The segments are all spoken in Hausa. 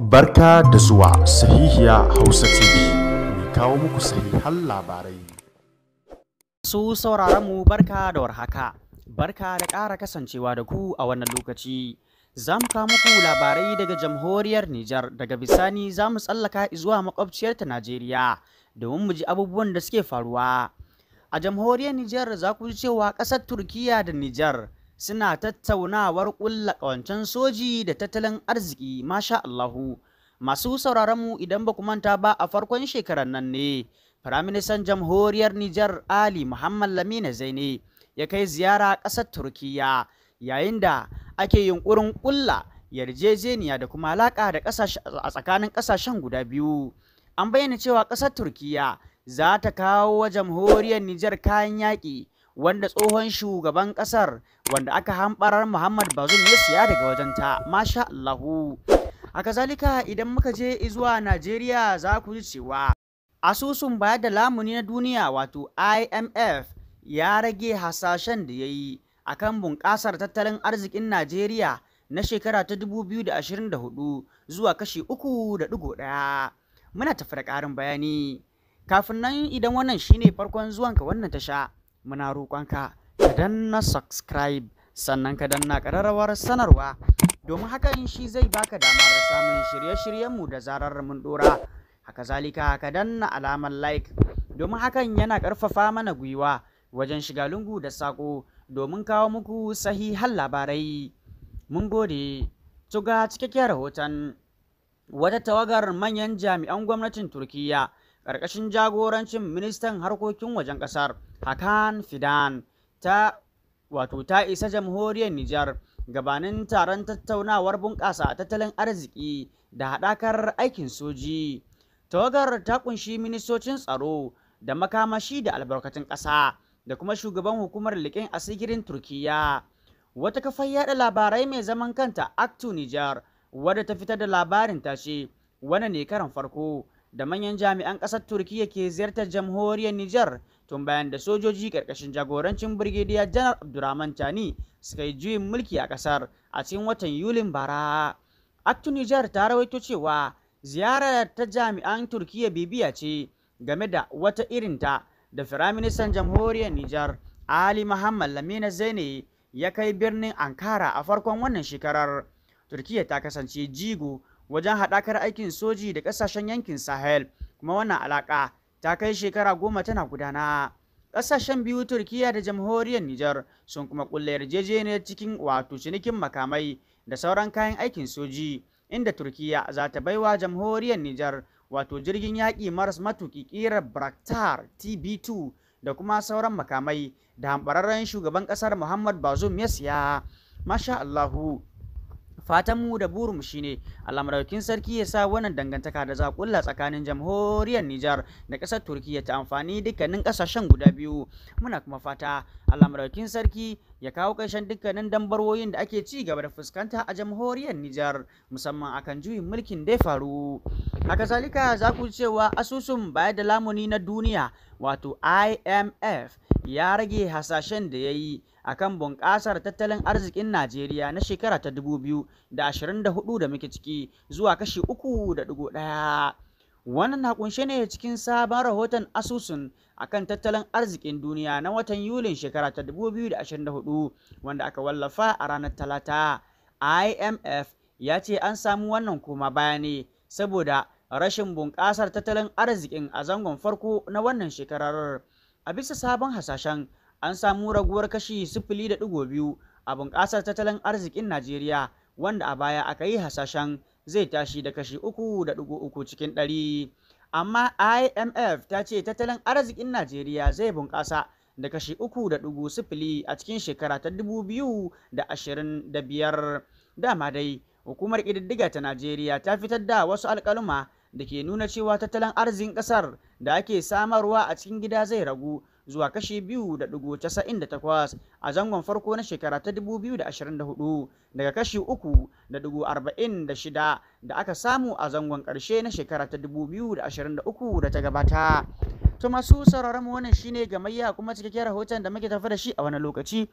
Barka da zuwa sahihiya Hausa TV, mai kawo muku sahihan labarai. Su sauraron mu barka da warhaka, barka da ƙara kasancewa da ku a wannan lokaci. Za mu kawo muku labarai daga jamhuriyar Nijar daga bisani za mu tsallaka zuwa makwabciyarta Najeriya domin mu ji abubuwan da suke faruwa. A jamhuriyar Nijar za ku ji cewa ƙasar Turkiyya da Nijar suna tattaunawar ƙulla ƙawancen soji da tattalin arziki masha Allahu. Masu sauraron mu idan ba ku manta ba a farkon shekarar nan ne, Firaministan Jamhuriyar Nijar Ali Muhammad Lamine Zaine ya kai ziyara ƙasar Turkiyya yayin da ake yunƙurin ƙulla yarjejeniya da kuma alaƙa da a tsakanin ƙasashen guda biyu. An bayyana cewa ƙasar Turkiyya za ta kawo wa jamhuriyar Nijar kayan yaƙi wanda tsohon shugaban kasar wanda aka hambarar Muhammad Bazoum ya siya daga wajenta masha Allahu a kazalika idan muka je zuwa Najeriya za ku ji cewa asusun bayar da lamuni na duniya wato IMF ya rage hasashen da ya yi akan bunƙasar tattalin arzikin Najeriya na shekara ta 2024 zuwa kashi 3.1 muna tafi da ƙarin bayani kafin nan idan wannan shine farkon zuwanka wannan tasha muna roƙonka ka danna subscribe sannan ka danna ƙararrawar sanarwa domin hakan shi zai baka damar samun shirye-shiryenmu da zarar mun ɗora haka zalika ka danna alamar like domin hakan yana ƙarfafa mana gwiwa wajen shiga lungu da saƙo domin kawo muku sahihan labarai mun gode tuga cikakken rahoton wata tawagar manyan jami'an gwamnatin turkiyya ƙarƙashin jagorancin ministan harkokin wajen ƙasar hakan fidan ta wato ta isa jamhuriyar nijar gabanin taron tattaunawar bunƙasa tattalin arziki da haɗakar aikin soji tawagar ta kunshi ministocin tsaro da makamashi da albarkatun ƙasa da kuma shugaban hukumar liƙin asigirin turkiya wata kafar yada labarai mai zaman kanta actu nijar wadda ta fitar da labarin ta ce wannan ne karan farko da manyan jami'an ƙasar Turkiyya ke ziyartar jamhuriyar Nijar tun bayan da sojoji ƙarƙashin jagorancin Birgidiya Janar Abdurrahman Tani suka yi juyin mulki a ƙasar a cikin watan Yulin bara. Aktu Nijar ta rawaito cewa ziyarar ta jami'an Turkiyya bibiya ce game da wata irin ta, da Firaministan Jamhuriyar Nijar Ali Muhammad Lamina Zaine ya kai birnin Ankara a farkon wannan shekarar. Turkiyya ta kasance jigo wajen haɗakar aikin soji da ƙasashen yankin Sahel, kuma wannan alaƙa ta kai shekara goma tana gudana. Ƙasashen biyu Turkiya da jamhuriyar Nijar sun kuma ƙulla yarjejeniyar cikin wato cinikin makamai da sauran kayan aikin soji, inda Turkiya za ta baiwa jamhuriyar Nijar wato jirgin yaƙi maras matuƙi ƙirar Braktar TB2 da kuma sauran makamai da hambararren shugaban ƙasar Muhammad Bazoum ya siya. Masha Allahu, fatan mu da burinmu shine Allah madaukakin sarki ya sa wannan dangantaka da za tsakanin jamhuriyar Nijar da ƙasar Turkiyya ta amfani dukkanin ƙasashen guda biyu muna kuma fata Allah madaukakin sarki ya kawo ƙarshen dukkanin dambarwoyin da ake ci gaba da fuskanta a jamhuriyar Nijar musamman akan juyin mulkin da ya faru haka zalika za ku cewa asusun bayar da lamuni na duniya wato IMF ya rage hasashen da ya yi a kan bunƙasar tattalin arzikin Najeriya na shekara ta 2024 da muke ciki zuwa kashi 3.1. Wannan na kunshe ne cikin sabon rahoton asusun akan tattalin arzikin duniya na watan Yulin shekara ta 2024 wanda aka wallafa a ranar Talata. IMF ya ce an samu wannan koma baya saboda rashin bunƙasar tattalin arzikin a zangon farko na wannan shekarar. a bisa sabon hasashen an samu raguwar kashi 0.2 a bunƙasar tattalin arzikin najeriya wanda a baya aka yi hasashen zai tashi da kashi 3.3 cikin ɗari. amma imf ta ce tattalin arzikin najeriya zai bunƙasa da kashi 3.0 a cikin shekara ta 2025 dama dai hukumar ƙididdiga ta najeriya ta fitar da wasu alƙaluma da ke nuna cewa tattalin arzikin ƙasar da ake samarwa a cikin gida zai ragu zuwa kashi biyu da a zangon farko na shekara ta dubu daga kashi uku da shida da aka samu a zangon ƙarshe na shekara ta dubu da da ta gabata. To masu sauraron mu wannan shine gamayya kuma cikakken rahoton da muke tafi da shi a wani lokaci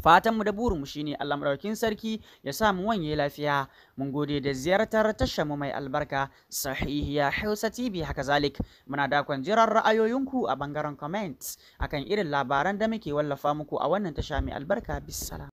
Fatanmu da burinmu shine Allah madaukakin sarki ya sa mu wanye lafiya. Mun gode da ziyartar mu mai albarka Sahihiya Hausa TV haka zalik. Muna dakon jiran ra'ayoyinku a bangaren comments akan irin labaran da muke wallafa muku a wannan tasha mai albarka. bisala.